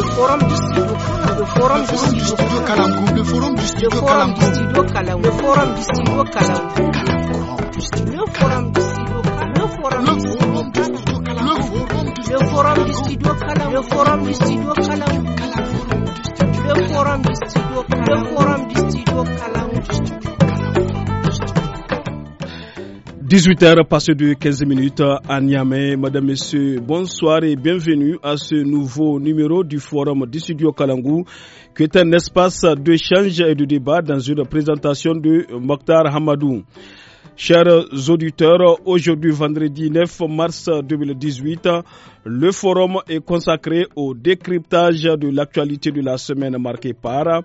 le forum du studio le forum du le forum du forum du forum forum du forum forum du forum du forum du 18h passé de 15 minutes à Niamey. Madame, Messieurs, bonsoir et bienvenue à ce nouveau numéro du Forum du Studio Kalangou, qui est un espace d'échange et de débat dans une présentation de Mokhtar Hamadou. Chers auditeurs, aujourd'hui vendredi 9 mars 2018, le forum est consacré au décryptage de l'actualité de la semaine marquée par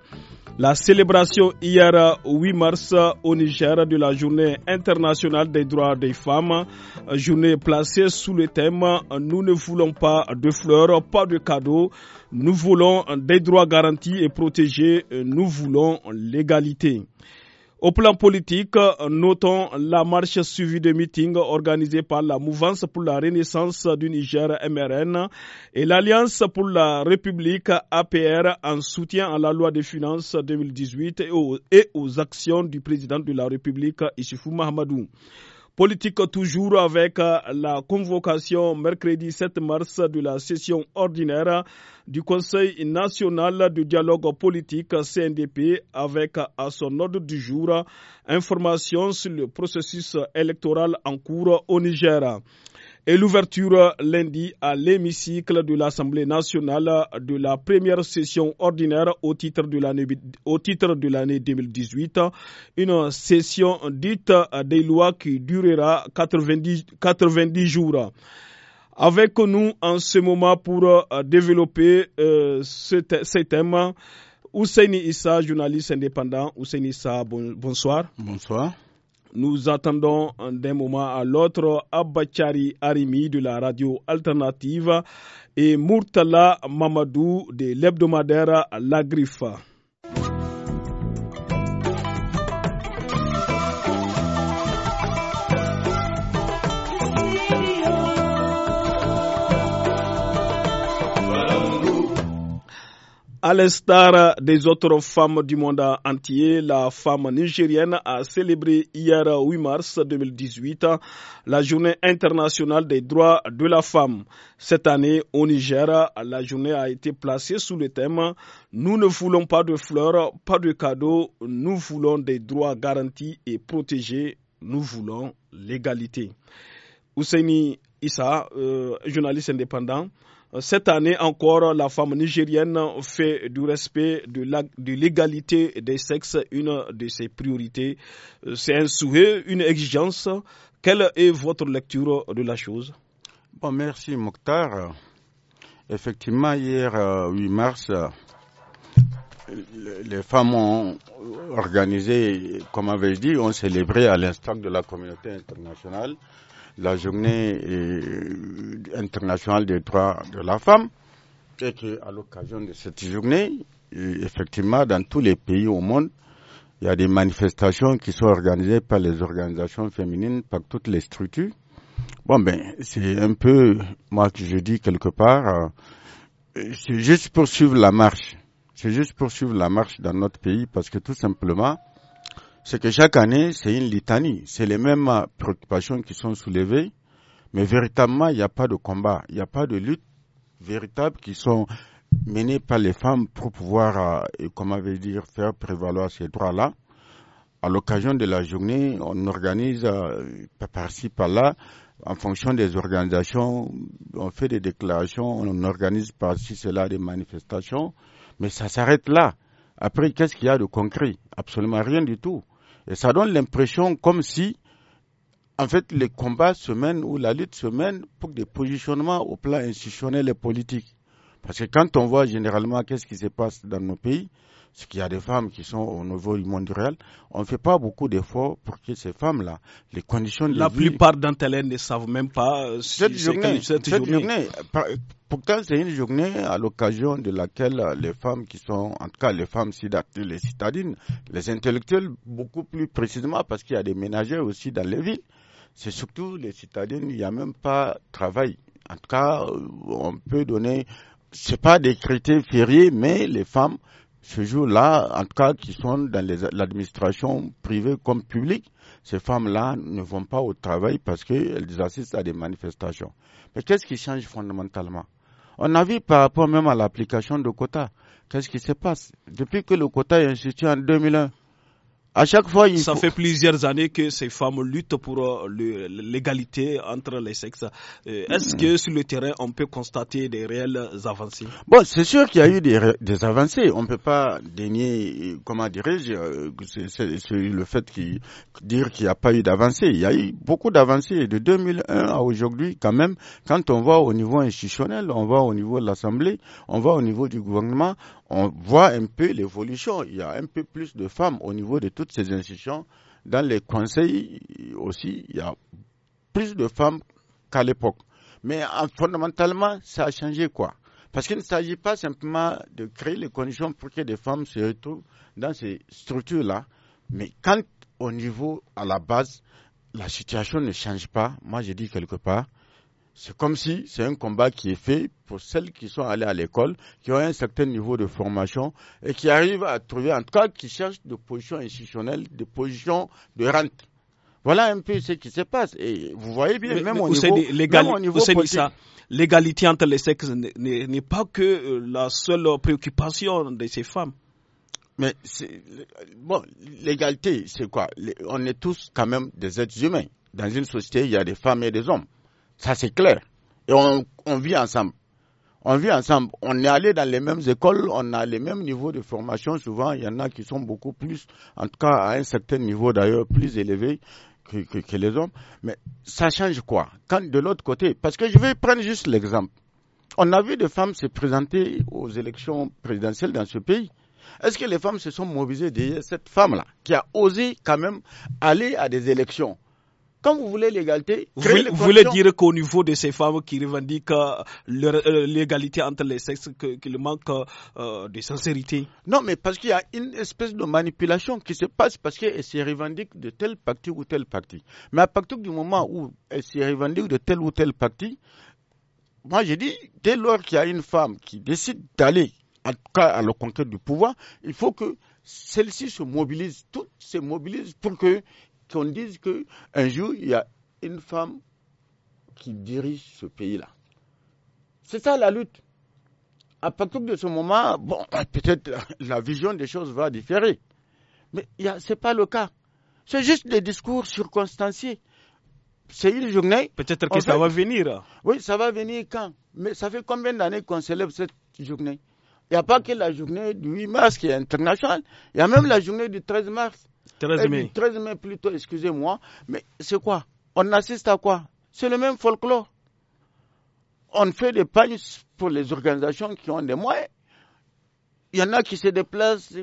la célébration hier 8 mars au Niger de la Journée internationale des droits des femmes, journée placée sous le thème Nous ne voulons pas de fleurs, pas de cadeaux, nous voulons des droits garantis et protégés, nous voulons l'égalité. Au plan politique, notons la marche suivie de meetings organisés par la Mouvance pour la Renaissance du Niger MRN et l'Alliance pour la République APR en soutien à la loi des finances 2018 et aux, et aux actions du président de la République Issoufou Mahamadou. Politique toujours avec euh, la convocation mercredi 7 mars de la session ordinaire du Conseil national du dialogue politique CNDP avec euh, à son ordre du jour information sur le processus électoral en cours au Niger et l'ouverture lundi à l'hémicycle de l'Assemblée nationale de la première session ordinaire au titre de l'année 2018, une session dite des lois qui durera 90, jours. Avec nous en ce moment pour euh, développer euh, ce, thème, Ousseini Issa, journaliste indépendant. Ousseini Issa, bonsoir. Bonsoir. Nous attendons d'un moment à l'autre Abachari Arimi de la radio alternative et Murtala Mamadou de l'hebdomadaire La Griffe. À l'instar des autres femmes du monde entier, la femme nigérienne a célébré hier 8 mars 2018 la journée internationale des droits de la femme. Cette année, au Niger, la journée a été placée sous le thème Nous ne voulons pas de fleurs, pas de cadeaux, nous voulons des droits garantis et protégés, nous voulons l'égalité. Ousseini Issa, euh, journaliste indépendant, euh, cette année encore, la femme nigérienne fait du respect de l'égalité des sexes une de ses priorités. Euh, c'est un souhait, une exigence. Quelle est votre lecture de la chose bon, Merci Mokhtar. Effectivement, hier, 8 euh, mars, les femmes ont organisé, comme avait dit, ont célébré à l'instant de la communauté internationale la journée euh, internationale des droits de la femme, c'est qu'à l'occasion de cette journée, euh, effectivement, dans tous les pays au monde, il y a des manifestations qui sont organisées par les organisations féminines, par toutes les structures. Bon, ben, c'est un peu, moi, que je dis quelque part, euh, c'est juste pour suivre la marche. C'est juste pour suivre la marche dans notre pays parce que tout simplement, c'est que chaque année, c'est une litanie. C'est les mêmes euh, préoccupations qui sont soulevées, mais véritablement, il n'y a pas de combat, il n'y a pas de lutte véritable qui sont menées par les femmes pour pouvoir, veut dire, faire prévaloir ces droits-là. À l'occasion de la journée, on organise euh, par-ci, par-là, en fonction des organisations, on fait des déclarations, on organise par-ci, cela, des manifestations, mais ça s'arrête là. Après, qu'est-ce qu'il y a de concret Absolument rien du tout. Et ça donne l'impression comme si, en fait, les combats se mènent ou la lutte se mène pour des positionnements au plan institutionnel et politique. Parce que quand on voit généralement qu'est-ce qui se passe dans nos pays, parce qu'il y a des femmes qui sont au niveau mondial. On ne fait pas beaucoup d'efforts pour que ces femmes-là, les conditions de La plupart d'entre elles ne savent même pas euh, si cette journée, cette, cette journée. journée pourtant, c'est une journée à l'occasion de laquelle euh, les femmes qui sont, en tout cas les femmes les citadines, les intellectuels, beaucoup plus précisément, parce qu'il y a des ménagères aussi dans les villes. C'est surtout les citadines, il n'y a même pas travail. En tout cas, euh, on peut donner, c'est pas des critères fériés, mais les femmes ce jour-là, en tout cas, qui sont dans l'administration privée comme publique, ces femmes-là ne vont pas au travail parce qu'elles assistent à des manifestations. Mais qu'est-ce qui change fondamentalement On a vu par rapport même à l'application de quotas, qu'est-ce qui se passe Depuis que le quota est institué en 2001, ça fait plusieurs années que ces femmes luttent pour euh, l'égalité entre les sexes. Euh, est-ce que sur le terrain, on peut constater des réelles avancées Bon, c'est sûr qu'il y a eu des, avancées. On ne peut pas dénier, comment dirais-je, euh, le fait de dire qu'il n'y a pas eu d'avancées. Il y a eu beaucoup d'avancées de 2001 à aujourd'hui quand même. Quand on va au niveau institutionnel, on va au niveau de l'Assemblée, on va au niveau du gouvernement, on voit un peu l'évolution. Il y a un peu plus de femmes au niveau de toutes ces institutions. Dans les conseils aussi, il y a plus de femmes qu'à l'époque. Mais fondamentalement, ça a changé quoi Parce qu'il ne s'agit pas simplement de créer les conditions pour que des femmes se retrouvent dans ces structures-là. Mais quand au niveau, à la base, la situation ne change pas, moi je dis quelque part, c'est comme si c'est un combat qui est fait pour celles qui sont allées à l'école, qui ont un certain niveau de formation et qui arrivent à trouver, en tout cas, qui cherchent des positions institutionnelles, des positions de rente. Voilà un peu ce qui se passe. Et vous voyez bien, même, au niveau, même, au niveau, l'égalité entre les sexes n'est pas que euh, la seule préoccupation de ces femmes. Mais bon, l'égalité, c'est quoi On est tous quand même des êtres humains. Dans une société, il y a des femmes et des hommes. Ça, c'est clair. Et on, vit ensemble. On vit ensemble. On est allé dans les mêmes écoles, on a les mêmes niveaux de formation. Souvent, il y en a qui sont beaucoup plus, en tout cas à un certain niveau d'ailleurs, plus élevé que, que, les hommes. Mais ça change quoi Quand de l'autre côté, parce que je vais prendre juste l'exemple. On a vu des femmes se présenter aux élections présidentielles dans ce pays. Est-ce que les femmes se sont mobilisées derrière cette femme-là qui a osé quand même aller à des élections quand vous voulez l'égalité, vous, voulez, dire qu'au niveau de ces femmes qui revendiquent euh, euh, l'égalité entre les sexes, qu'il manque euh, de sincérité Non, mais parce qu'il y a une espèce de manipulation qui se passe parce qu'elles se revendiquent de tel parti ou tel parti. Mais à partir du moment où elles se revendiquent de telle ou telle parti, moi j'ai dit, dès lors qu'il y a une femme qui décide d'aller, en cas à la conquête du pouvoir, il faut que celle-ci se mobilise, toutes se mobilisent pour que qu'on dise qu'un jour, il y a une femme qui dirige ce pays-là. C'est ça la lutte. À partir de ce moment, bon, peut-être la vision des choses va différer. Mais ce n'est pas le cas. C'est juste des discours circonstanciés. C'est une journée. Peut-être que ça va venir. Oui, ça va venir quand Mais ça fait combien d'années qu'on célèbre cette journée Il n'y a pas que la journée du 8 mars qui est internationale. Il y a même la journée du 13 mars. 13 mai. 13 mai plutôt, excusez-moi. Mais c'est quoi On assiste à quoi C'est le même folklore. On fait des pagnes pour les organisations qui ont des moyens. Il y en a qui se déplacent,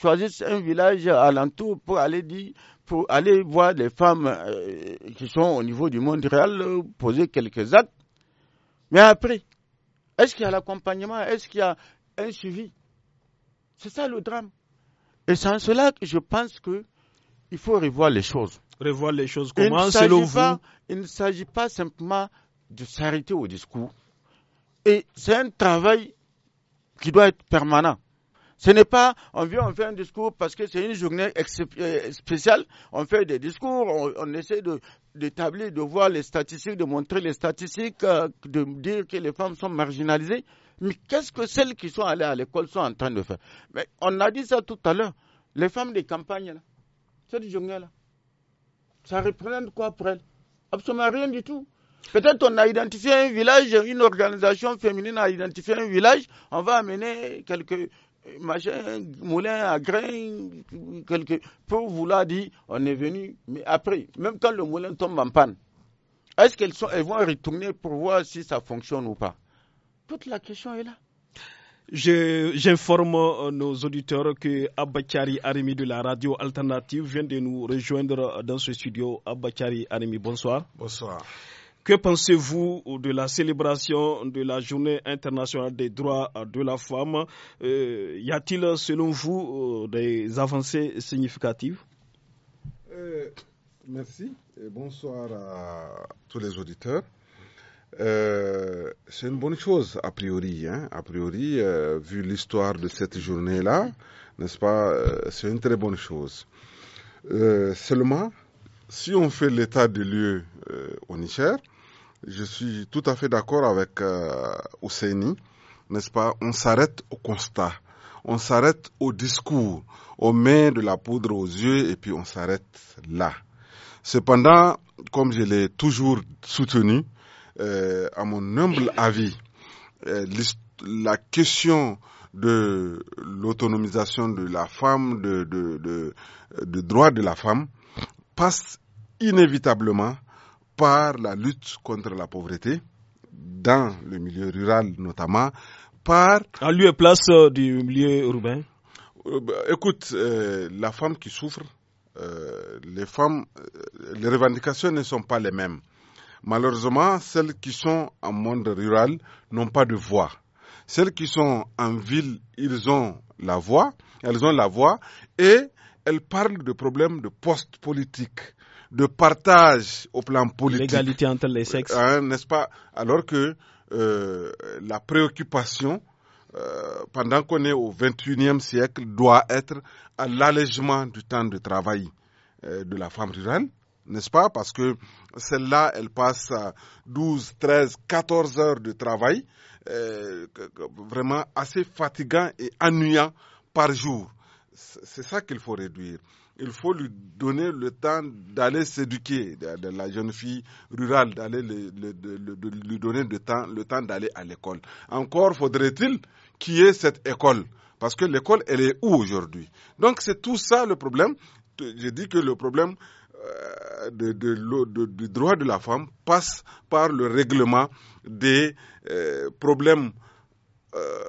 choisissent un village alentour pour aller dire pour aller voir les femmes euh, qui sont au niveau du monde réel poser quelques actes. Mais après, est-ce qu'il y a l'accompagnement Est-ce qu'il y a un suivi C'est ça le drame. Et sans cela, je pense qu'il faut revoir les choses. Revoir les choses comment, il selon Il ne s'agit pas simplement de s'arrêter au discours. Et c'est un travail qui doit être permanent. Ce n'est pas, on vient, on fait un discours parce que c'est une journée euh, spéciale, on fait des discours, on, essaie d'établir, de, voir les statistiques, de montrer les statistiques, euh, de dire que les femmes sont marginalisées. Mais qu'est-ce que celles qui sont allées à l'école sont en train de faire Mais on a dit ça tout à l'heure. Les femmes des campagnes, ça représente quoi pour elles Absolument rien du tout. Peut-être on a identifié un village, une organisation féminine a identifié un village, on va amener quelques euh, machins, moulins à grains, quelques, pour l'a dire, on est venu, mais après, même quand le moulin tombe en panne, est-ce qu'elles elles vont retourner pour voir si ça fonctionne ou pas toute la question est là. J'informe euh, nos auditeurs que Abakari Arimi de la radio alternative vient de nous rejoindre euh, dans ce studio. Abakari Arimi, bonsoir. Bonsoir. Que pensez-vous de la célébration de la Journée internationale des droits euh, de la femme Y a-t-il, selon vous, des avancées significatives Merci bonsoir à tous les auditeurs. Euh, c'est une bonne chose, a priori. Hein. A priori, euh, vu l'histoire de cette journée-là, n'est-ce pas, euh, c'est une très bonne chose. seulement, si on fait l'état des lieux au Niger, je suis tout à fait d'accord avec Ousseini, n'est-ce pas, on s'arrête au constat, on s'arrête au discours, on met de la poudre aux yeux et puis on s'arrête là. Cependant, comme je l'ai toujours soutenu, euh, à mon humble avis, euh, la question de l'autonomisation de la femme, de, de, de, droit de la femme, passe inévitablement par la lutte contre la pauvreté, dans le milieu rural notamment, par... En lieu place euh, du milieu urbain euh, bah, Écoute, la femme qui souffre, euh, les femmes, les revendications ne sont pas les mêmes. Malheureusement, celles qui sont en monde rural n'ont pas de voix. Celles qui sont en ville, ils ont la voix, elles ont la voix et elles parlent de problèmes de poste politique, de partage au plan politique. L'égalité entre les sexes. Euh, hein, n'est-ce pas Alors que euh, la préoccupation euh, pendant qu'on est au XXIe siècle doit être à l'allègement du temps de travail de la femme rurale n'est-ce pas Parce que celle là passe à 12, 13, 14 heures de travail, euh, vraiment assez fatigant et ennuyant par jour. C'est ça qu'il faut réduire. Il faut lui donner le temps d'aller s'éduquer, de, la jeune fille rurale, d'aller lui donner le temps, le temps d'aller à l'école. Encore faudrait-il qu'il y ait cette école. Parce que l'école, elle est où aujourd'hui Donc c'est tout ça le problème. J'ai dit que le problème, euh, de, de, de, du droit de la femme passe par le règlement des euh, problèmes euh,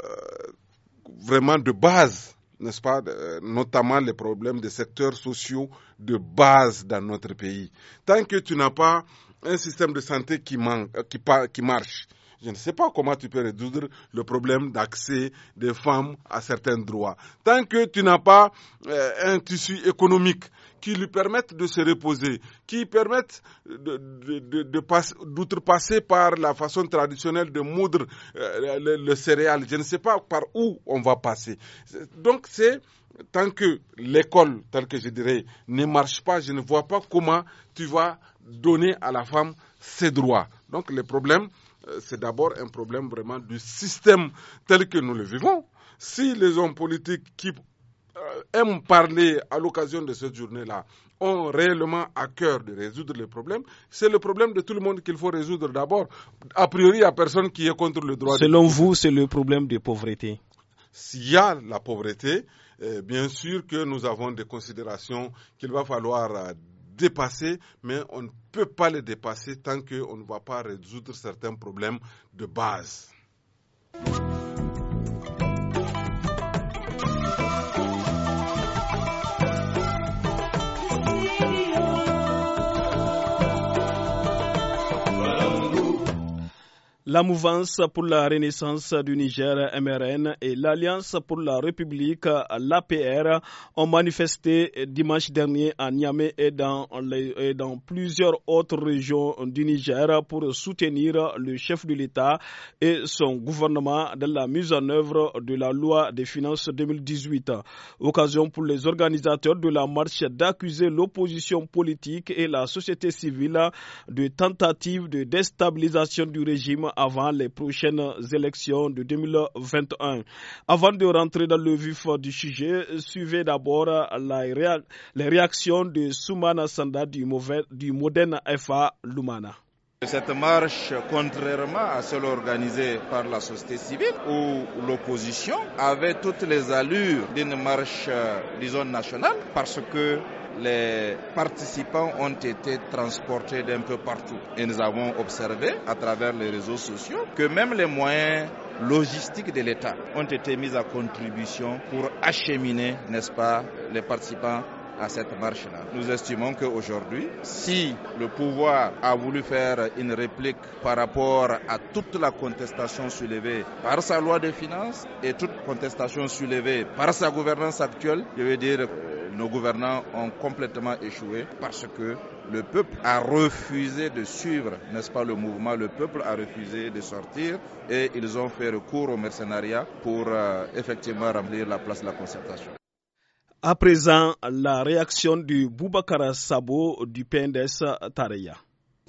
vraiment de base, n'est-ce pas, notamment les problèmes des secteurs sociaux de base dans notre pays. Tant que tu n'as pas un système de santé qui, manque, qui, qui marche, je ne sais pas comment tu peux résoudre le problème d'accès des femmes à certains droits. Tant que tu n'as pas un tissu économique qui lui permettent de se reposer, qui permettent d'outrepasser de, par la façon traditionnelle de moudre euh, le, céréale. céréal. Je ne sais pas par où on va passer. Donc c'est tant que l'école, telle que je dirais, ne marche pas, je ne vois pas comment tu vas donner à la femme ses droits. Donc le problème, euh, c'est d'abord un problème vraiment du système tel que nous le vivons. Si les hommes politiques qui euh, aiment parler à l'occasion de cette journée-là ont réellement à cœur de résoudre les problèmes, c'est le problème de tout le monde qu'il faut résoudre d'abord. A priori, il n'y a personne qui est contre le droit. Selon vous, c'est le problème de pauvreté S'il y a la pauvreté, eh, bien sûr que nous avons des considérations qu'il va falloir euh, dépasser, mais on ne peut pas les dépasser tant qu'on ne va pas résoudre certains problèmes de base. La mouvance pour la renaissance du Niger MRN et l'Alliance pour la République l'APR ont manifesté dimanche dernier à Niamey et dans, et dans plusieurs autres régions du Niger pour soutenir le chef de l'État et son gouvernement dans la mise en œuvre de la loi des finances 2018. Occasion pour les organisateurs de la marche d'accuser l'opposition politique et la société civile de tentatives de déstabilisation du régime avant les prochaines élections de 2021. Avant de rentrer dans le vif du sujet, suivez d'abord les réactions de Soumana Sanda du, du Modène FA Lumana. Cette marche, contrairement à celle organisée par la société civile ou l'opposition avait toutes les allures d'une marche, disons, nationale, parce que les participants ont été transportés d'un peu partout. Et nous avons observé à travers les réseaux sociaux que même les moyens logistiques de l'État ont été mis à contribution pour acheminer, n'est-ce pas, les participants à cette marche-là. Nous estimons qu'aujourd'hui, si le pouvoir a voulu faire une réplique par rapport à toute la contestation soulevée par sa loi de finances et toute contestation soulevée par sa gouvernance actuelle, je veux dire, nos gouvernants ont complètement échoué parce que le peuple a refusé de suivre, n'est-ce pas, le mouvement. Le peuple a refusé de sortir et ils ont fait recours au mercenariat pour euh, effectivement remplir la place de la concertation. À présent, la réaction du Boubacar Sabo du PNDS Tareya.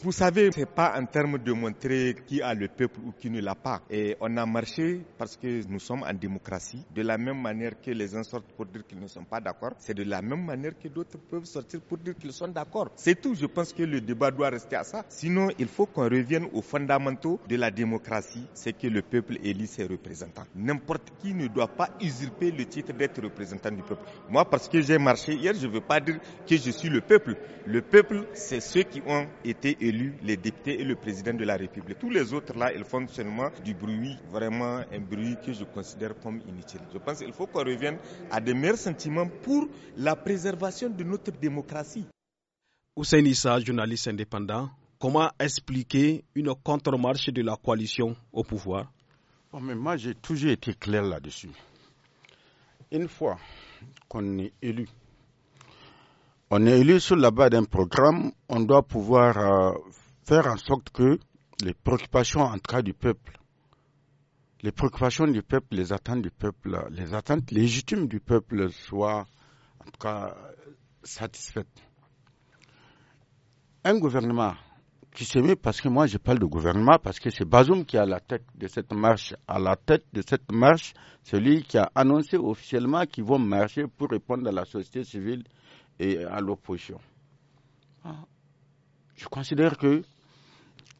Vous savez, c'est pas en termes de montrer qui a le peuple ou qui ne l'a pas. Et on a marché parce que nous sommes en démocratie. De la même manière que les uns sortent pour dire qu'ils ne sont pas d'accord, c'est de la même manière que d'autres peuvent sortir pour dire qu'ils sont d'accord. C'est tout. Je pense que le débat doit rester à ça. Sinon, il faut qu'on revienne aux fondamentaux de la démocratie, c'est que le peuple élit ses représentants. N'importe qui ne doit pas usurper le titre d'être représentant du peuple. Moi, parce que j'ai marché hier, je ne veux pas dire que je suis le peuple. Le peuple, c'est ceux qui ont été élus élus, les députés et le président de la République. Tous les autres là, ils font seulement du bruit, vraiment un bruit que je considère comme inutile. Je pense qu'il faut qu'on revienne à de meilleurs sentiments pour la préservation de notre démocratie. Hussein Issa, journaliste indépendant, comment expliquer une contre-marche de la coalition au pouvoir Moi, j'ai toujours été clair là-dessus. Une fois qu'on est élu, on est élu sur la base d'un programme, on doit pouvoir euh, faire en sorte que les préoccupations en cas du peuple, les préoccupations du peuple, les attentes du peuple, les attentes légitimes du peuple soient en cas satisfaites. Un gouvernement qui s'est mis, parce que moi je parle de gouvernement, parce que c'est Bazoum qui est à la tête de cette marche. À la tête de cette marche, celui qui a annoncé officiellement qu'ils vont marcher pour répondre à la société civile et à l'opposition. Ah. Je considère que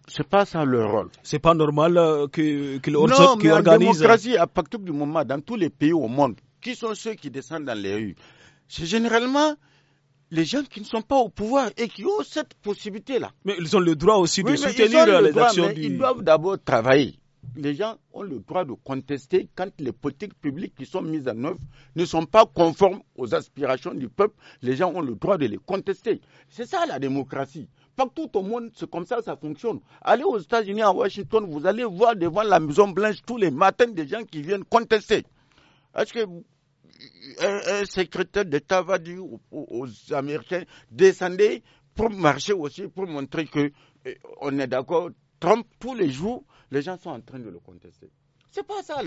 c'est pas ça leur rôle. C'est pas normal euh, que, que Non, mais organise... en démocratie, à partir du moment, dans tous les pays au monde, qui sont ceux qui descendent dans les rues C'est généralement les gens qui ne sont pas au pouvoir et qui ont cette possibilité-là. Mais ils ont le droit aussi de soutenir les actions du... Ils doivent d'abord travailler les gens ont le droit de contester quand les politiques publiques qui sont mises en œuvre ne sont pas conformes aux aspirations du peuple. Les gens ont le droit de les contester. C'est ça la démocratie. Partout au monde, c'est comme ça que ça fonctionne. Allez aux États-Unis, à Washington, vous allez voir devant la Maison Blanche tous les matins des gens qui viennent contester. Est-ce que un, secrétaire d'État va dire aux, Américains descendez pour marcher aussi, pour montrer que eh, on est d'accord. Trump tous les jours les gens sont en train de le contester. C'est pas ça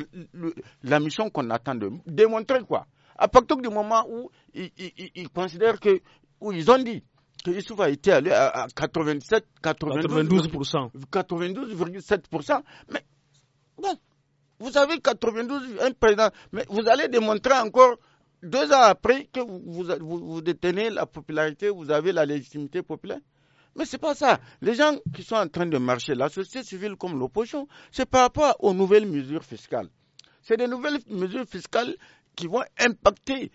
la mission qu'on attend de démontrer quoi. À partir du moment où ils, considèrent que, où ils ont dit que a été allé à, 87, 92, 92,7%. Mais vous avez 92, un président, mais vous allez démontrer encore deux ans après que vous, vous, vous détenez la popularité, vous avez la légitimité populaire. Mais c'est pas ça. Les gens qui sont en train de marcher, la société civile comme l'opposition, c'est par rapport aux nouvelles mesures fiscales. C'est des nouvelles mesures fiscales qui vont impacter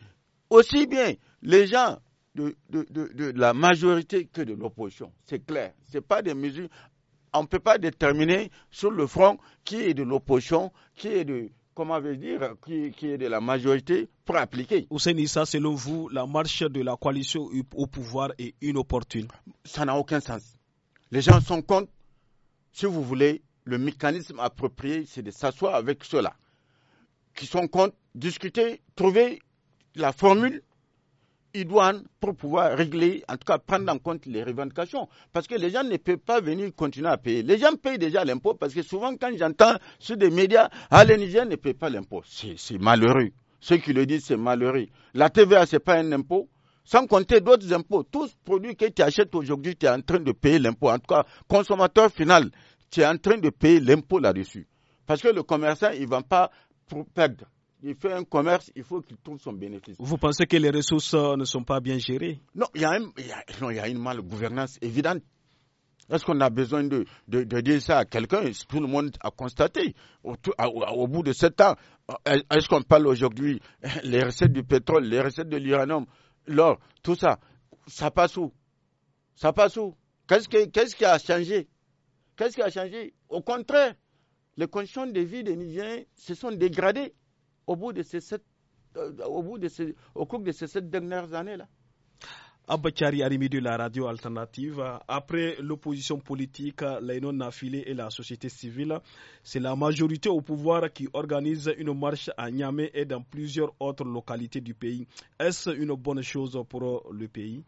aussi bien les gens de, la majorité que de l'opposition. C'est clair. C'est pas des mesures. On ne peut pas déterminer sur le front qui est de l'opposition, qui est de, comment veux dire, qui, est de la majorité pour appliquer. Hussein ça, selon vous, la marche de la coalition au pouvoir est inopportune Ça n'a aucun sens. Les gens sont contre. Si vous voulez, le mécanisme approprié, c'est de s'asseoir avec ceux-là qui sont contre, discuter, trouver la formule idoine pour pouvoir régler, en tout cas prendre en compte les revendications. Parce que les gens ne peuvent pas venir continuer à payer. Les gens payent déjà l'impôt parce que souvent quand j'entends sur des médias, ah, les Nigériens ne payent pas l'impôt. C'est malheureux. Ceux qui le disent, c'est malheureux. La TVA, ce pas un impôt. Sans compter d'autres impôts. Tous produits que tu achètes aujourd'hui, tu es en train de payer l'impôt. En tout cas, consommateur final, tu es en train de payer l'impôt là-dessus. Parce que le commerçant, il ne va pas perdre il fait un commerce, il faut qu'il trouve son bénéfice. Vous pensez que les ressources euh, ne sont pas bien gérées Non, il y, a, une il y une malgouvernance évidente. Est-ce qu'on a besoin de, dire ça à quelqu'un Tout le monde a constaté au, bout de sept ans. Euh, est-ce qu'on parle aujourd'hui les recettes du pétrole, les recettes de l'uranium, l'or, tout ça Ça passe où Ça passe où Qu'est-ce qui a changé Qu'est-ce qui a changé Au contraire, les conditions de vie des Nigériens se sont dégradées au cours de ces sept dernières années-là. Abakari Arimi de la radio alternative. Après l'opposition politique, les non et la société civile, c'est la majorité au pouvoir qui organise une marche à Niamey et dans plusieurs autres localités du pays. Est-ce une bonne chose pour le pays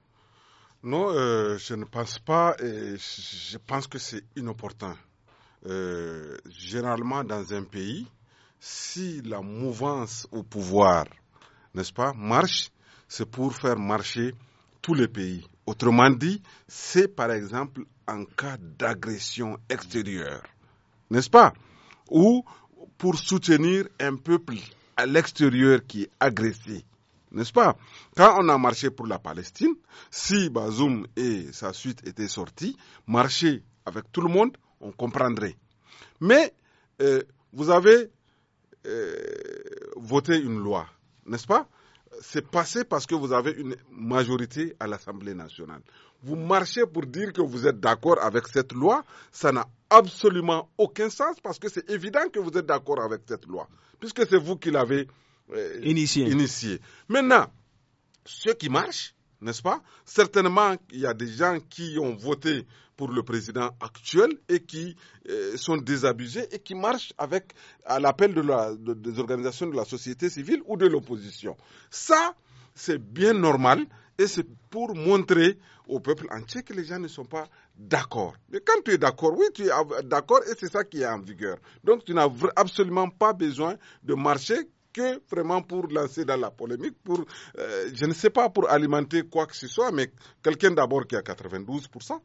Non, euh, je ne pense pas. Et je pense que c'est inopportun. Euh, généralement, dans un pays, si la mouvance au pouvoir, n'est-ce pas, marche, c'est pour faire marcher tous les pays. Autrement dit, c'est par exemple en cas d'agression extérieure, n'est-ce pas Ou pour soutenir un peuple à l'extérieur qui est agressé, n'est-ce pas Quand on a marché pour la Palestine, si Bazoum et sa suite étaient sortis, marcher avec tout le monde, on comprendrait. Mais euh, vous avez euh, voter une loi, n'est-ce pas C'est passé parce que vous avez une majorité à l'Assemblée nationale. Vous marchez pour dire que vous êtes d'accord avec cette loi, ça n'a absolument aucun sens parce que c'est évident que vous êtes d'accord avec cette loi, puisque c'est vous qui l'avez euh, initiée. Initié. Maintenant, ce qui marche, n'est-ce pas Certainement, il y a des gens qui ont voté pour le président actuel et qui euh, sont désabusés et qui marchent avec, à l'appel des organisations de la société civile ou de l'opposition. Ça, c'est bien normal et c'est pour montrer au peuple entier que les gens ne sont pas d'accord. Mais quand tu es d'accord, oui, tu es d'accord et c'est ça qui est en vigueur. Donc tu n'as absolument pas besoin de marcher que vraiment pour lancer dans la polémique, pour, euh, je ne sais pas, pour alimenter quoi que ce soit, mais quelqu'un d'abord qui a 92%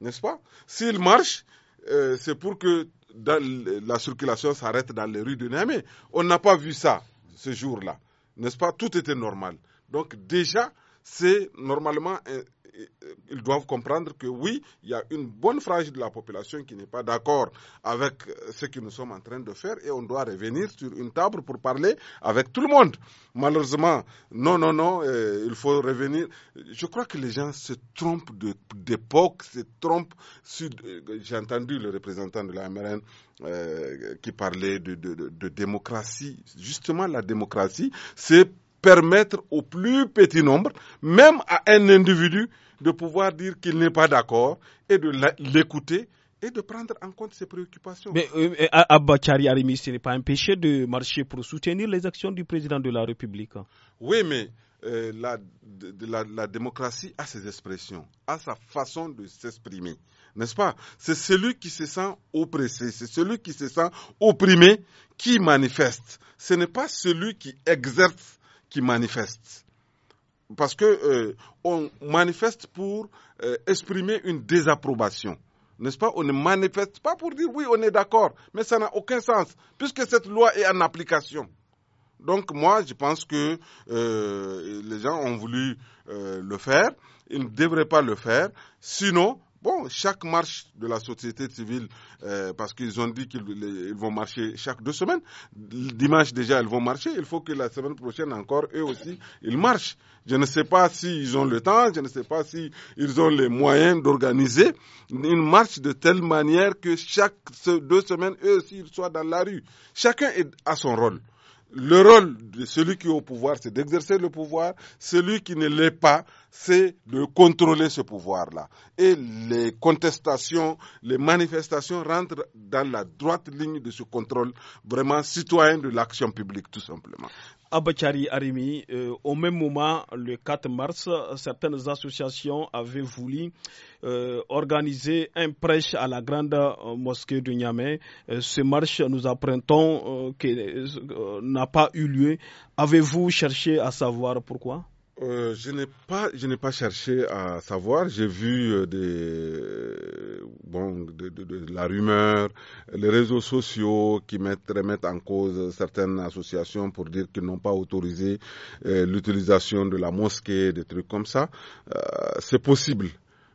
n'est-ce pas S'il marche, euh, c'est pour que la circulation s'arrête dans les rues de Nîmes. On n'a pas vu ça ce jour-là, n'est-ce pas Tout était normal. Donc déjà, c'est normalement ils doivent comprendre que oui, il y a une bonne frange de la population qui n'est pas d'accord avec euh, ce que nous sommes en train de faire et on doit revenir sur une table pour parler avec tout le monde. Malheureusement, non, non, non, euh, il faut revenir. Je crois que les gens se trompent d'époque, se trompent. Euh, j'ai entendu le représentant de la MRN qui parlait de démocratie. Justement, la démocratie, c'est permettre au plus petit nombre, même à un individu, de pouvoir dire qu'il n'est pas d'accord et de l'écouter et de prendre en compte ses préoccupations. Mais euh, euh Abbachari Arimi, ce n'est pas un péché de marcher pour soutenir les actions du président de la République. Hein. Oui, mais euh, la, la, la, démocratie a ses expressions, a sa façon de s'exprimer. N'est-ce pas C'est celui qui se sent oppressé, c'est celui qui se sent opprimé qui manifeste. Ce n'est pas celui qui exerce qui manifeste parce que euh, on manifeste pour euh, exprimer une désapprobation. N'est-ce pas On ne manifeste pas pour dire oui, on est d'accord, mais ça n'a aucun sens, puisque cette loi est en application. Donc moi, je pense que euh, les gens ont voulu le faire, ils ne devraient pas le faire, sinon Bon, chaque marche de la société civile, euh, parce qu'ils ont dit qu'ils vont marcher chaque deux semaines, dimanche déjà, ils vont marcher, il faut que la semaine prochaine encore, eux aussi, ils marchent. Je ne sais pas s'ils ont le temps, je ne sais pas s'ils ont les moyens d'organiser une marche de telle manière que chaque deux semaines, eux aussi, ils soient dans la rue. Chacun est à son rôle le rôle de celui qui est au pouvoir, c'est d'exercer le pouvoir. Celui qui ne l'est pas, c'est de contrôler ce pouvoir-là. Et les contestations, les manifestations rentrent dans la droite ligne de ce contrôle vraiment citoyen de l'action publique, tout simplement. Abachari Arimi, euh, au même moment, le 4 mars, certaines associations avaient voulu euh, organiser un prêche à la grande euh, mosquée de Niamey. ce marche, nous euh, n'a pas eu lieu. Avez-vous cherché à savoir pourquoi? Euh, je n'ai pas, je n'ai pas cherché à savoir. J'ai vu euh, des, bon, de, la rumeur, les réseaux sociaux qui mettent, remettent en cause certaines associations pour dire qu'ils n'ont pas autorisé euh, l'utilisation de la mosquée, des trucs comme ça. c'est possible.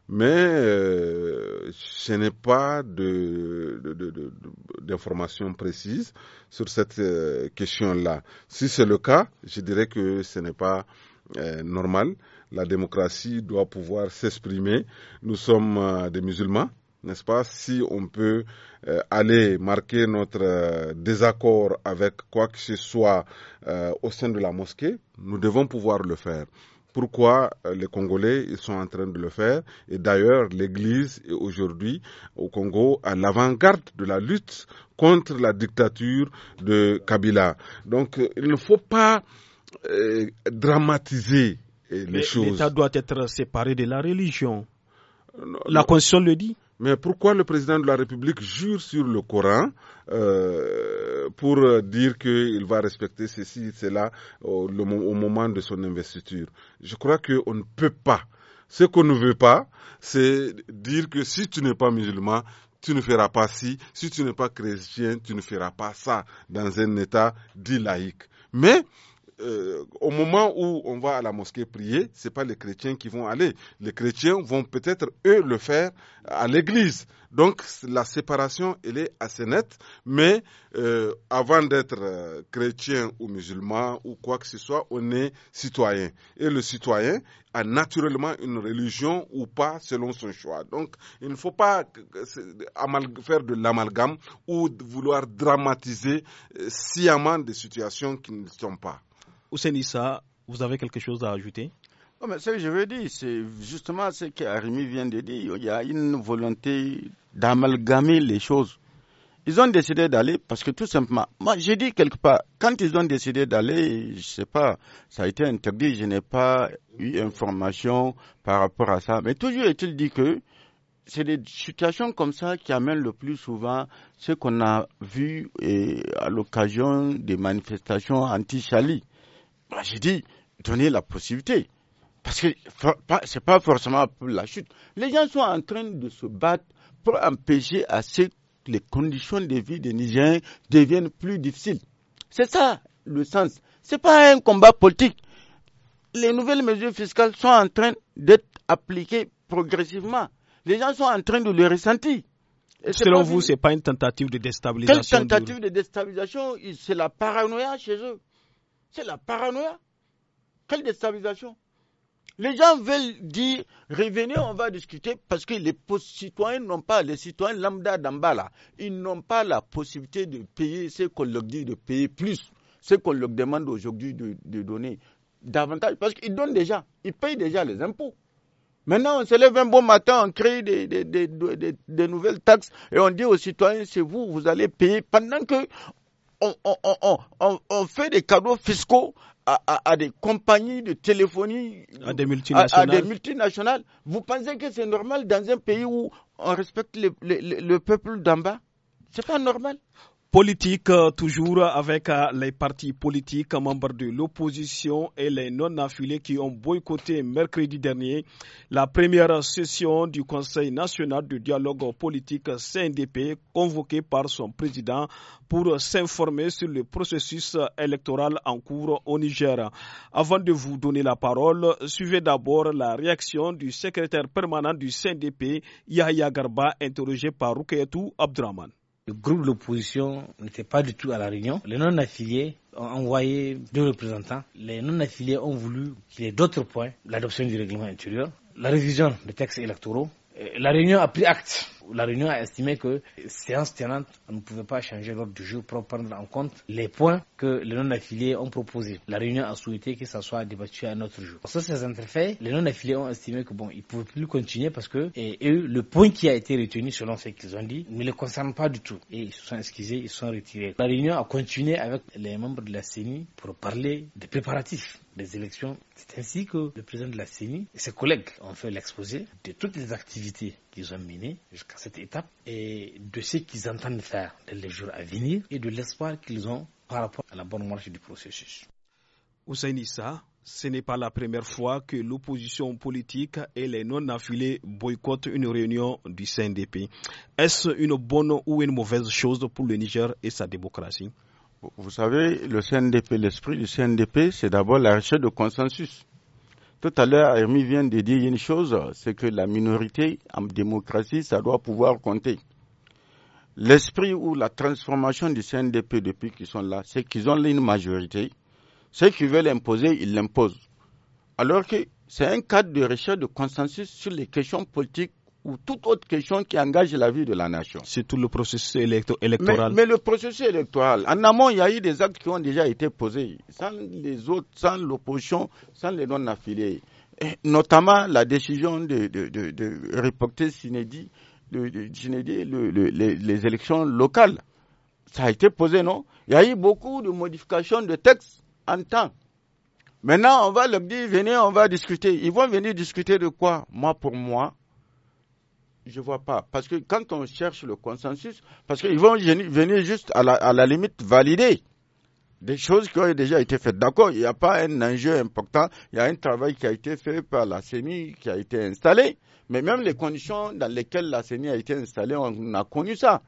Mais ce je n'ai pas d'informations précises sur cette question-là. Si c'est le cas, je dirais que ce n'est pas euh, normal. La démocratie doit pouvoir s'exprimer. Nous sommes euh, des musulmans, n'est-ce pas Si on peut euh, aller marquer notre désaccord avec quoi que ce soit au sein de la mosquée, nous devons pouvoir le faire pourquoi les Congolais ils sont en train de le faire. Et d'ailleurs, l'Église est aujourd'hui au Congo à l'avant-garde de la lutte contre la dictature de Kabila. Donc, il ne faut pas euh, dramatiser euh, les mais choses. L'État doit être séparé de la religion. la Constitution le dit. Mais pourquoi le président de la République jure sur le Coran euh, pour dire qu'il va respecter ceci, cela au, moment de son investiture Je crois qu'on ne peut pas. Ce qu'on ne veut pas, c'est dire que si tu n'es pas musulman, tu ne feras pas ci, si tu n'es pas chrétien, tu ne feras pas ça dans un État dit laïque. Mais euh, au moment où on va à la mosquée prier, ce n'est pas les chrétiens qui vont aller. Les chrétiens vont peut-être, eux, le faire à l'église. Donc la séparation, elle est assez nette, mais euh, avant d'être euh, chrétien ou musulman ou quoi que ce soit, on est citoyen. Et le citoyen a naturellement une religion ou pas selon son choix. Donc il ne faut pas faire de l'amalgame ou vouloir dramatiser sciemment des situations qui ne sont pas. Ousenissa, vous avez quelque chose à ajouter Ce que je veux dire, c'est justement ce qu'Arimi vient de dire. Il y a une volonté d'amalgamer les choses. Ils ont décidé d'aller parce que tout simplement, moi j'ai dit quelque part, quand ils ont décidé d'aller, je sais pas, ça a été interdit, je n'ai pas eu information par rapport à ça. Mais toujours est-il dit que c'est des situations comme ça qui amènent le plus souvent ce qu'on a vu à l'occasion des manifestations anti-Chali. Bah, j'ai dit, donner la possibilité. Parce que ce n'est pas forcément la chute. Les gens sont en train de se battre pour empêcher à ce que les conditions de vie des Nigériens deviennent plus difficiles. C'est ça le sens. Ce n'est pas un combat politique. Les nouvelles mesures fiscales sont en train d'être appliquées progressivement. Les gens sont en train de le ressentir. Selon vous, ce n'est pas une tentative de déstabilisation Quelle tentative de déstabilisation C'est la paranoïa chez eux. C'est la paranoïa. Quelle déstabilisation. Les gens veulent dire, revenez, on va discuter, parce que les citoyens n'ont pas, les citoyens lambda d'Ambala. ils n'ont pas la possibilité de payer ce qu'on leur dit de payer plus, ce qu'on leur demande aujourd'hui de, donner davantage, parce qu'ils donnent déjà, ils payent déjà les impôts. Maintenant, on se lève un bon matin, on crée des nouvelles taxes et on dit aux citoyens, c'est vous, vous allez payer pendant que on, fait des cadeaux fiscaux à, des compagnies de téléphonie, à des multinationales. multinationales. Vous pensez que c'est normal dans un pays où on respecte le, peuple d'en bas C'est pas normal. Politique, euh, toujours avec euh, les partis politiques membres de l'opposition et les non-affiliés qui ont boycotté mercredi dernier la première session du Conseil national de dialogue politique CNDP convoqué par son président pour s'informer sur le processus électoral en cours au Niger. Avant de vous donner la parole, suivez d'abord la réaction du secrétaire permanent du CNDP, Yahya Garba, interrogé par Rukayetou Abdraman. Le groupe de l'opposition n'était pas du tout à la réunion. Les non-affiliés ont envoyé deux représentants. Les non-affiliés ont voulu qu'il y ait d'autres points, l'adoption du règlement intérieur, la révision des textes électoraux, euh, la réunion a pris acte. La réunion a estimé que, séance tenante, on ne pouvait pas changer l'ordre du jour pour prendre en compte les points que les non-affiliés ont proposés. La réunion a souhaité que ça soit débattu à un autre jour. Sur ces entrefaits, les non-affiliés ont estimé que bon, ils ne pouvaient plus continuer parce que, eux, le point qui a été retenu selon ce qu'ils ont dit ne les concerne pas du tout. Et ils se sont excusés, ils se sont retirés. La réunion a continué avec les membres de la CENI pour parler des préparatifs des élections. C'est ainsi que le président de la CENI et ses collègues ont fait l'exposé de toutes les activités qu'ils ont menées jusqu'à cette étape et de ce qu'ils entendent faire dans les jours à venir et de l'espoir qu'ils ont par rapport à la bonne marche du processus. de ce n'est pas la première fois que l'opposition politique et les non affilés boycottent une réunion du CNDP. Est-ce une bonne ou une mauvaise chose pour le Niger et sa démocratie vous savez, le CNDP, l'esprit du CNDP, c'est d'abord la recherche de consensus. Tout à l'heure, Hermie vient de dire une chose, c'est que la minorité en démocratie, ça doit pouvoir compter. L'esprit ou la transformation du CNDP depuis qu'ils sont là, c'est qu'ils ont une majorité. Ceux qui veulent imposer, ils l'imposent. Alors que c'est un cadre de recherche de consensus sur les questions politiques ou toute autre question qui engage la vie de la nation. C'est tout le processus électoral. Mais, le processus électoral, en amont, il y a eu des actes qui ont déjà été posés, sans les autres, sans l'opposition, sans les non-affiliés. Notamment la décision de, de, de, de reporter les, les élections locales. Ça a été posé, non Il y a eu beaucoup de modifications de textes en temps. Maintenant, on va leur dire, venez, on va discuter. Ils vont venir discuter de quoi Moi, pour moi, je ne vois pas. Parce que quand on cherche le consensus, parce qu'ils vont venir juste à la, limite valider des choses qui ont déjà été faites. D'accord, il n'y a pas un enjeu important, il y a un travail qui a été fait par la CENI qui a été installé, mais même les conditions dans lesquelles la CENI a été installée, on a connu ça.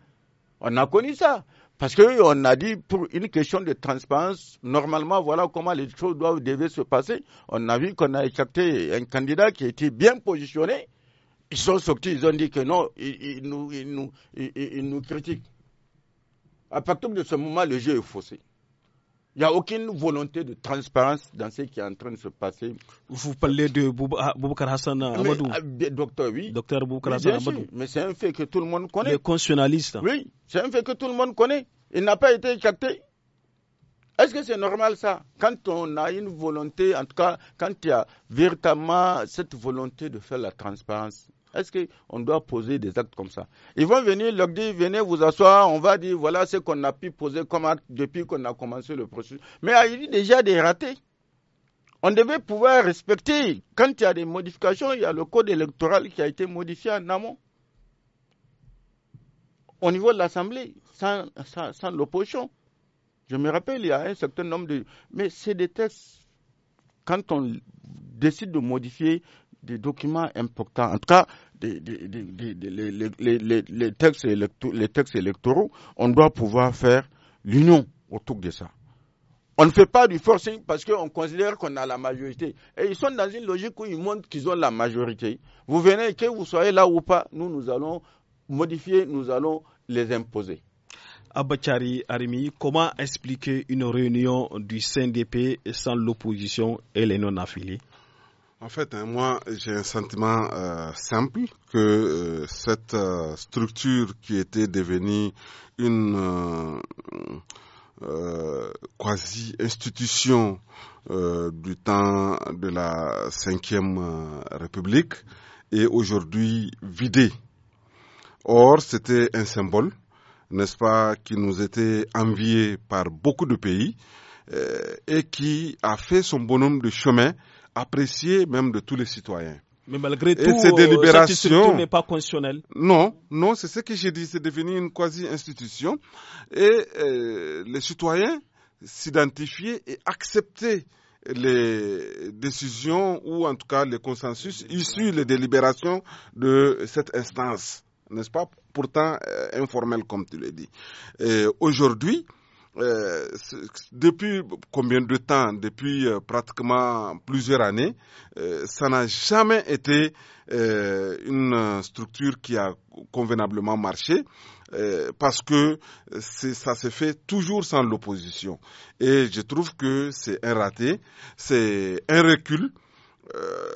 On a connu ça. Parce qu'on a dit, pour une question de transparence, normalement, voilà comment les choses doivent, se passer. On a vu qu'on a écarté un candidat qui était bien positionné, ils sont sortis, ils ont dit que non, ils, nous, critiquent. À partir de ce moment, le jeu est faussé. Il n'y a aucune volonté de transparence dans ce qui est en train de se passer. Vous parlez de ah, Boubacar Hassan Amadou ah, Docteur, oui. Docteur Boubacar Hassan Amadou. mais c'est un fait que tout le monde connaît. Les constitutionnalistes. Oui, c'est un fait que tout le monde connaît. Il n'a pas été capté. Est-ce que c'est normal ça Quand on a une volonté, en tout cas, quand il y a véritablement cette volonté de faire la transparence, est-ce qu'on doit poser des actes comme ça Ils vont venir leur dire, venez vous asseoir, on va dire, voilà ce qu'on a pu poser comme acte depuis qu'on a commencé le processus. Mais il y a déjà des ratés. On devait pouvoir respecter, quand il y a des modifications, il y a le code électoral qui a été modifié en amont. Au niveau de l'Assemblée, sans, l'opposition. Je me rappelle, il y a un certain nombre de... Mais c'est des textes, quand on décide de modifier des documents importants, en tout cas des, les, textes les textes électoraux, on doit pouvoir faire l'union autour de ça. On ne fait pas du forcing parce qu'on considère qu'on a la majorité. Et ils sont dans une logique où ils montrent qu'ils ont la majorité. Vous venez, que vous soyez là ou pas, nous, nous allons modifier, nous allons les imposer. Abachari Arimi, comment expliquer une réunion du CNDP sans l'opposition et les non-affiliés en fait, hein, moi, j'ai un sentiment euh, simple que euh, cette euh, structure qui était devenue une quasi-institution du temps de la Ve République est aujourd'hui vidée. Or, c'était un symbole, n'est-ce pas, qui nous était envié par beaucoup de pays et qui a fait son bonhomme de chemin apprécié même de tous les citoyens. Mais malgré tout, ces euh, délibérations, n'est pas constitutionnelle. Non, non, c'est ce que j'ai dit, c'est devenu une quasi-institution. Et euh, les citoyens s'identifier et accepter les décisions ou en tout cas les consensus issus des délibérations de cette instance, n'est-ce pas Pourtant euh, informelle comme tu l'as dit. Aujourd'hui, euh, depuis combien de temps, depuis euh, pratiquement plusieurs années, euh, ça n'a jamais été une structure qui a convenablement marché. parce que ça se fait toujours sans l'opposition. Et je trouve que c'est un raté, c'est un recul.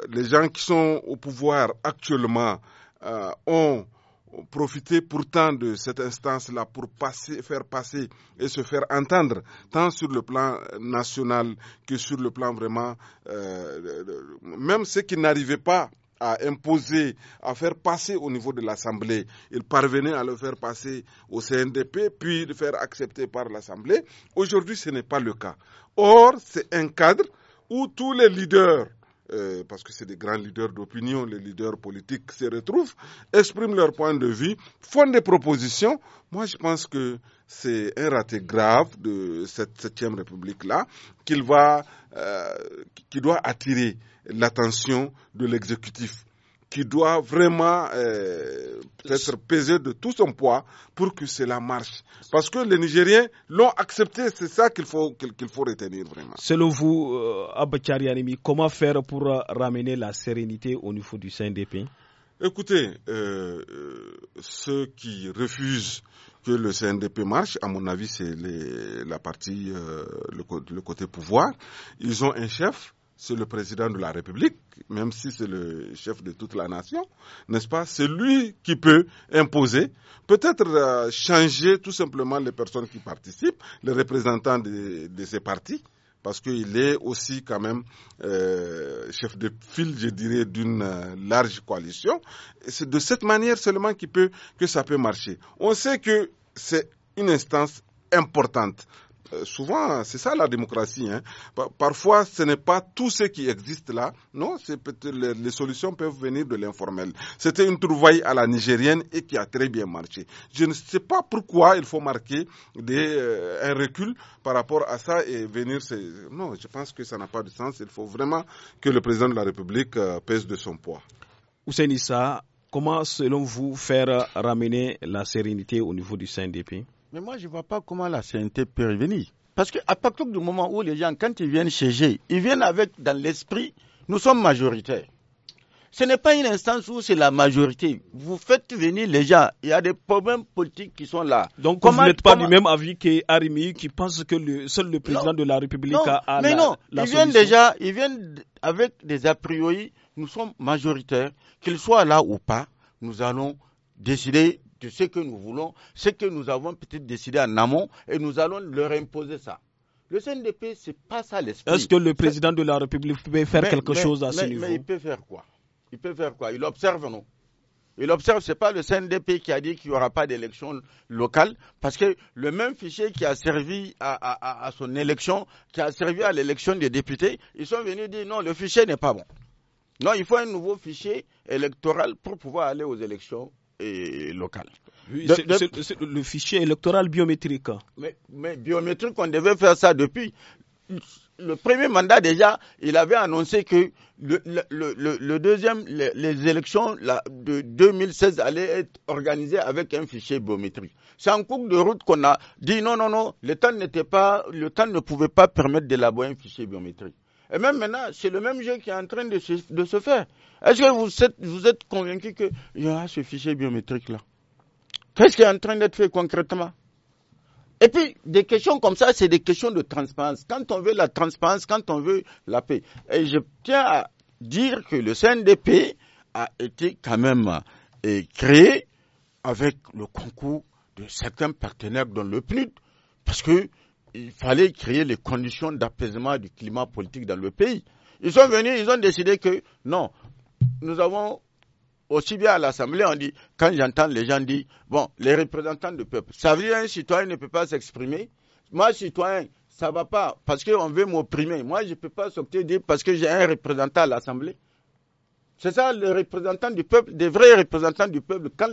les gens qui sont au pouvoir actuellement ont profiter pourtant de cette instance-là pour passer, faire passer et se faire entendre, tant sur le plan national que sur le plan vraiment, euh, même ceux qui n'arrivaient pas à imposer, à faire passer au niveau de l'Assemblée. Il parvenait à le faire passer au CNDP, puis le faire accepter par l'Assemblée. Aujourd'hui, ce n'est pas le cas. Or, c'est un cadre où tous les leaders euh, parce que c'est des grands leaders d'opinion, les leaders politiques se retrouvent, expriment leur point de vue, font des propositions. Moi, je pense que c'est un raté grave de cette septième république-là, qu'il va, euh, qui doit attirer l'attention de l'exécutif qui doit vraiment euh, être pesé de tout son poids pour que cela marche. Parce que les Nigériens l'ont accepté, c'est ça qu'il faut, qu'il faut retenir vraiment. Selon vous, euh, Abba comment faire pour euh, ramener la sérénité au niveau du CNDP Écoutez, ceux qui refusent que le CNDP marche, à mon avis, c'est la partie, le, côté pouvoir. Ils ont un chef, c'est le président de la République, même si c'est le chef de toute la nation, n'est-ce pas C'est lui qui peut imposer, peut-être euh, changer tout simplement les personnes qui participent, les représentants de, ces partis, parce qu'il est aussi quand même euh, chef de file, je dirais, d'une euh, large coalition. C'est de cette manière seulement que ça peut marcher. On sait que c'est une instance importante. Euh, souvent, c'est ça la démocratie. Hein. Parfois, ce n'est pas tout ce qui existe là. Non, les, les solutions peuvent venir de l'informel. C'était une trouvaille à la nigérienne et qui a très bien marché. Je ne sais pas pourquoi il faut marquer des, euh, un recul par rapport à ça et venir. Non, je pense que ça n'a pas de sens. Il faut vraiment que le président de la République euh, pèse de son poids. Ousse Issa, comment selon vous faire ramener la sérénité au niveau du CNDP mais moi, je ne vois pas comment la CNT peut revenir. Parce qu'à partir du moment où les gens, quand ils viennent chez G, ils viennent avec dans l'esprit, nous sommes majoritaires. Ce n'est pas une instance où c'est la majorité. Vous faites venir les gens. Il y a des problèmes politiques qui sont là. Donc comment, vous n'êtes pas du même avis qu'Arimi qui pense que le, seul le président de la République la a, Mais non, ils viennent déjà, ils viennent avec des a priori. Nous sommes majoritaires, qu'ils soient là ou pas. Nous allons décider ce que nous voulons, ce que nous avons peut-être décidé en amont, et nous allons leur imposer ça. Le CNDP, ce n'est pas ça l'esprit. Est-ce que le président de la République peut faire quelque chose à ce niveau Mais il peut faire quoi Il peut faire quoi Il observe, non il observe, ce n'est pas le CNDP qui a dit qu'il n'y aura pas d'élection locale, parce que le même fichier qui a servi à, à son élection, qui a servi à l'élection des députés, ils sont venus dire non, le fichier n'est pas bon. Non, il faut un nouveau fichier électoral pour pouvoir aller aux élections et le fichier électoral biométrique. Mais, biométrique, on devait faire ça depuis le premier mandat déjà, il avait annoncé que le, deuxième, les, élections de 2016 allaient être organisées avec un fichier biométrique. C'est en cours de route qu'on a dit non, non, non, le n'était pas, le temps ne pouvait pas permettre d'élaborer un fichier biométrique. Et même maintenant, c'est le même jeu qui est en train de se, faire. Est-ce que vous êtes, vous convaincu qu'il y aura ce fichier biométrique-là Qu'est-ce qui est en train d'être fait concrètement et puis, des questions comme ça, c'est des questions de transparence. Quand on veut la transparence, quand on veut la paix. Et je tiens à dire que le CNDP a été quand même euh, créé avec le concours de certains partenaires, dans le PNUD, parce que il fallait créer les conditions d'apaisement du climat politique dans le pays. Ils sont venus, ils ont décidé que non, nous avons aussi bien à l'Assemblée, on dit, quand j'entends les gens dire, bon, les représentants du peuple, ça veut dire un citoyen ne peut pas s'exprimer. Moi, citoyen, ça ne va pas, parce qu'on veut m'opprimer. Moi, je ne peux pas sortir dire parce que j'ai un représentant à l'Assemblée. C'est ça, les représentants du peuple, des vrais représentants du peuple. Quand,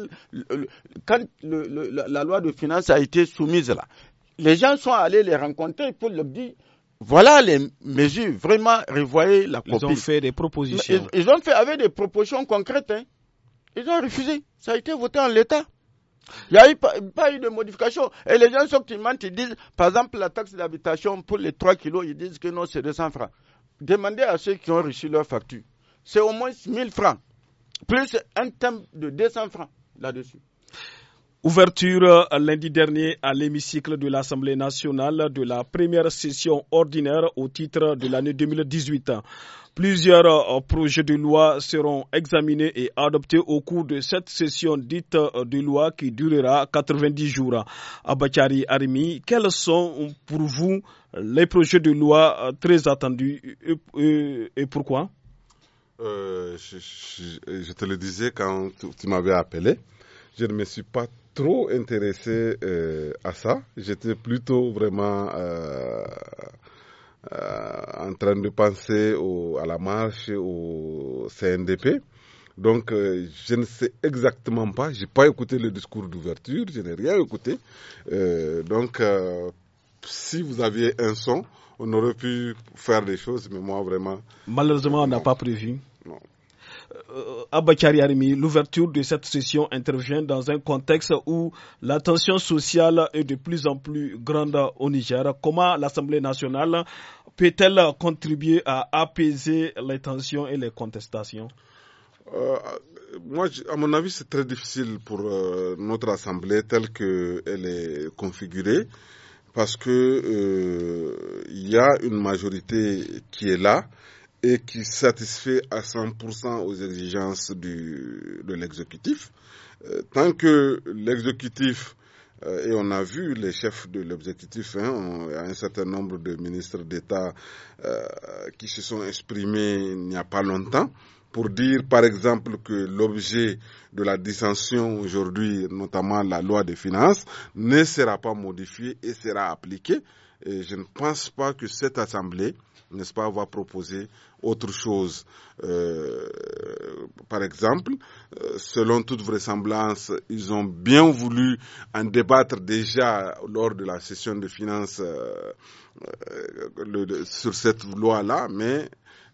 la loi de finances a été soumise là, les gens sont allés les rencontrer pour leur dire voilà les mesures, vraiment revoyez la copie. Ils ont fait des propositions. Ils, ont fait avec des propositions concrètes. Hein. Ils ont refusé. Ça a été voté en l'État. Il n'y a pas eu de modification. Et les gens sont qui mentent, ils disent, par exemple, la taxe d'habitation pour les 3 kilos, ils disent que non, c'est 200 francs. Demandez à ceux qui ont reçu leur facture. C'est au moins 1000 francs, plus un thème de 200 francs là-dessus. Ouverture euh, lundi dernier à l'hémicycle de l'Assemblée nationale de la première session ordinaire au titre de l'année 2018. Plusieurs euh, projets de loi seront examinés et adoptés au cours de cette session dite euh, de loi qui durera 90 jours. Abachari Arimi, quels sont pour vous les projets de loi très attendus et pourquoi je, te le disais quand tu m'avais appelé je ne me suis pas trop intéressé euh, à ça. J'étais plutôt vraiment euh, euh, en train de penser à la marche, au CNDP. Donc, je ne sais exactement pas. Je n'ai pas écouté le discours d'ouverture. Je n'ai rien écouté. donc, si vous aviez un son, on aurait pu faire des choses. Mais moi, vraiment. Malheureusement, on n'a pas prévu. Non. Euh, Abakari Arimi, l'ouverture de cette session intervient dans un contexte où la tension sociale est de plus en plus grande au Niger. Comment l'Assemblée nationale peut-elle contribuer à apaiser les tensions et les contestations euh, moi, à mon avis, c'est très difficile pour euh, notre Assemblée telle qu'elle est configurée parce que il y a une majorité qui est là et qui satisfait à 100% aux exigences de l'exécutif. Euh, tant que l'exécutif, euh, et on a vu les chefs de l'exécutif, hein, un certain nombre de ministres d'État euh, qui se sont exprimés il n'y a pas longtemps, pour dire par exemple que l'objet de la dissension aujourd'hui, notamment la loi des finances, ne sera pas modifié et sera appliqué. Et je ne pense pas que cette Assemblée, n'est-ce pas, va proposer autre chose. Euh, par exemple, euh, selon toute vraisemblance, ils ont bien voulu en débattre déjà lors de la session de finances euh, euh sur cette loi-là, mais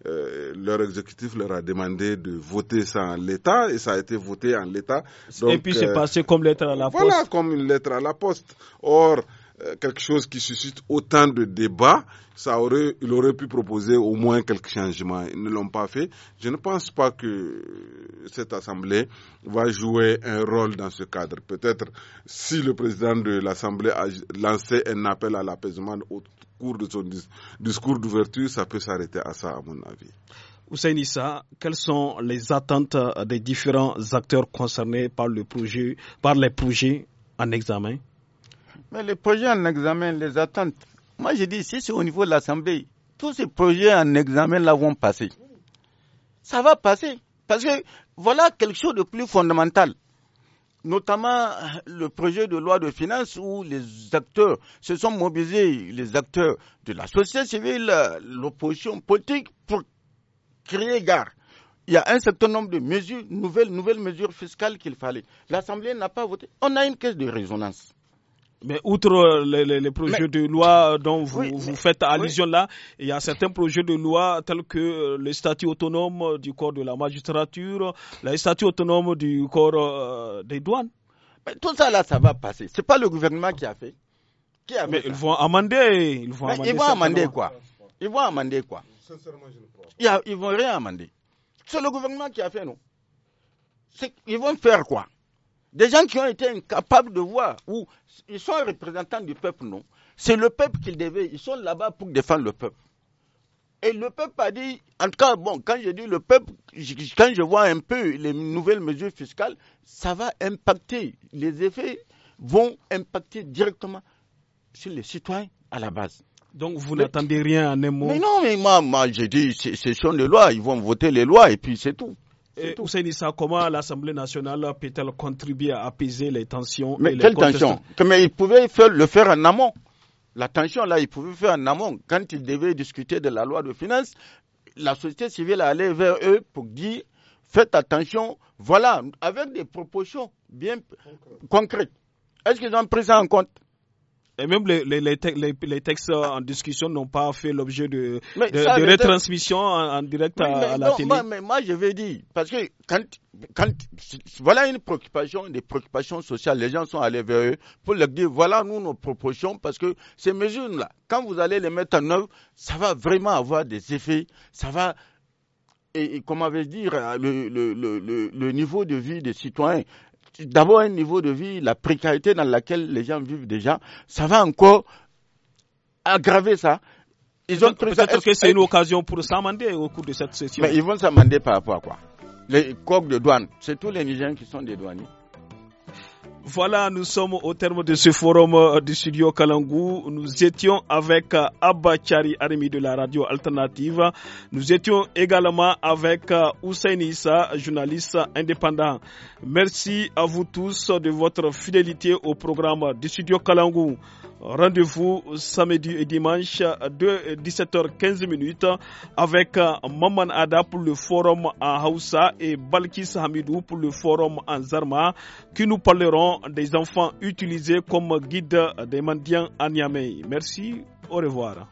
euh, leur exécutif leur a demandé de voter ça en l'état et ça a été voté en l'état. Et puis c'est euh, passé comme lettre à la poste. Voilà, comme une lettre à la poste. Or, euh, quelque chose qui suscite autant de débats, ça aurait, il aurait pu proposer au moins quelques changements. Ils ne l'ont pas fait. Je ne pense pas que cette Assemblée va jouer un rôle dans ce cadre. Peut-être si le président de l'Assemblée a lancé un appel à l'apaisement au cours de son discours d'ouverture, ça peut s'arrêter à ça, à mon avis. Ousainissa, quelles sont les attentes euh, des différents acteurs concernés par, le projet, par les projets en examen mais les projets en examen, les attentes. Moi, je dis, si c'est au niveau de l'Assemblée, tous ces projets en examen là vont passer. Ça va passer. Parce que voilà quelque chose de plus fondamental. Notamment le projet de loi de finances où les acteurs se sont mobilisés, les acteurs de la société civile, l'opposition politique, pour créer gare. Il y a un certain nombre de mesures, nouvelles, nouvelles mesures fiscales qu'il fallait. L'Assemblée n'a pas voté. On a une caisse de résonance. Mais outre euh, les, projets de loi euh, dont vous, faites allusion là, il y a certains projets de loi tels que euh, le statut autonome du corps de la magistrature, le statut autonome du corps des douanes. Mais tout ça là, ça va passer. Ce n'est pas le gouvernement qui a fait. mais ils vont amender. Ils vont, amender, quoi Ils vont amender quoi Sincèrement, je ne pas. Ils, ils vont rien amender. C'est le gouvernement qui a fait, non Ils vont faire quoi des gens qui ont été incapables de voir où ils sont représentants du peuple, non. C'est le peuple qu'ils devaient. Ils sont là-bas pour défendre le peuple. Et le peuple a dit, en tout cas, bon, quand je dis le peuple, quand je vois un peu les nouvelles mesures fiscales, ça va impacter. Les effets vont impacter directement sur les citoyens à la base. Donc vous n'attendez rien à un mot. Mais non, mais moi, j'ai dit, c'est sont les lois ils vont voter les lois et puis c'est tout. Issa, comment l'Assemblée nationale peut-elle contribuer à apaiser les tensions Mais et quelle tension Mais ils pouvaient le faire en amont. La tension, là, ils pouvaient faire en amont. Quand ils devaient discuter de la loi de finances, la société civile allait vers eux pour dire faites attention, voilà, avec des propositions bien concrètes. Est-ce qu'ils ont pris ça en compte et même les, les, les, les, textes en discussion n'ont pas fait l'objet de, de, retransmission en, direct à, la télé. Moi, mais moi, je vais dire, parce que quand, quand, voilà une préoccupation, des préoccupations sociales, les gens sont allés vers eux pour leur dire voilà nous nos propositions, parce que ces mesures-là, quand vous allez les mettre en œuvre, ça va vraiment avoir des effets, ça va et, comment vais-je dire, le, le, le, le, niveau de vie des citoyens d'abord un niveau de vie, la précarité dans laquelle les gens vivent déjà, ça va encore aggraver ça. Ils ont Peut-être que c'est une occasion pour s'amender au cours de cette session. Mais ils vont s'amender par rapport à quoi Les coques de douane, c'est tous les Nigériens qui sont des douaniers. Voilà, nous sommes au terme de ce forum euh, du studio Kalangou. Nous étions avec euh, Abba Chari, Arimi de la radio alternative. Nous étions également avec euh, Hussein Issa, journaliste indépendant. Merci à vous tous de votre fidélité au programme du studio Kalangou. Rendez-vous samedi et dimanche de 17h15 avec euh, Maman Ada pour le forum en Hausa et Balkis Hamidou pour le forum en Zarma qui nous parleront des enfants utilisés comme guides des mendiants à Niamey. Merci, au revoir.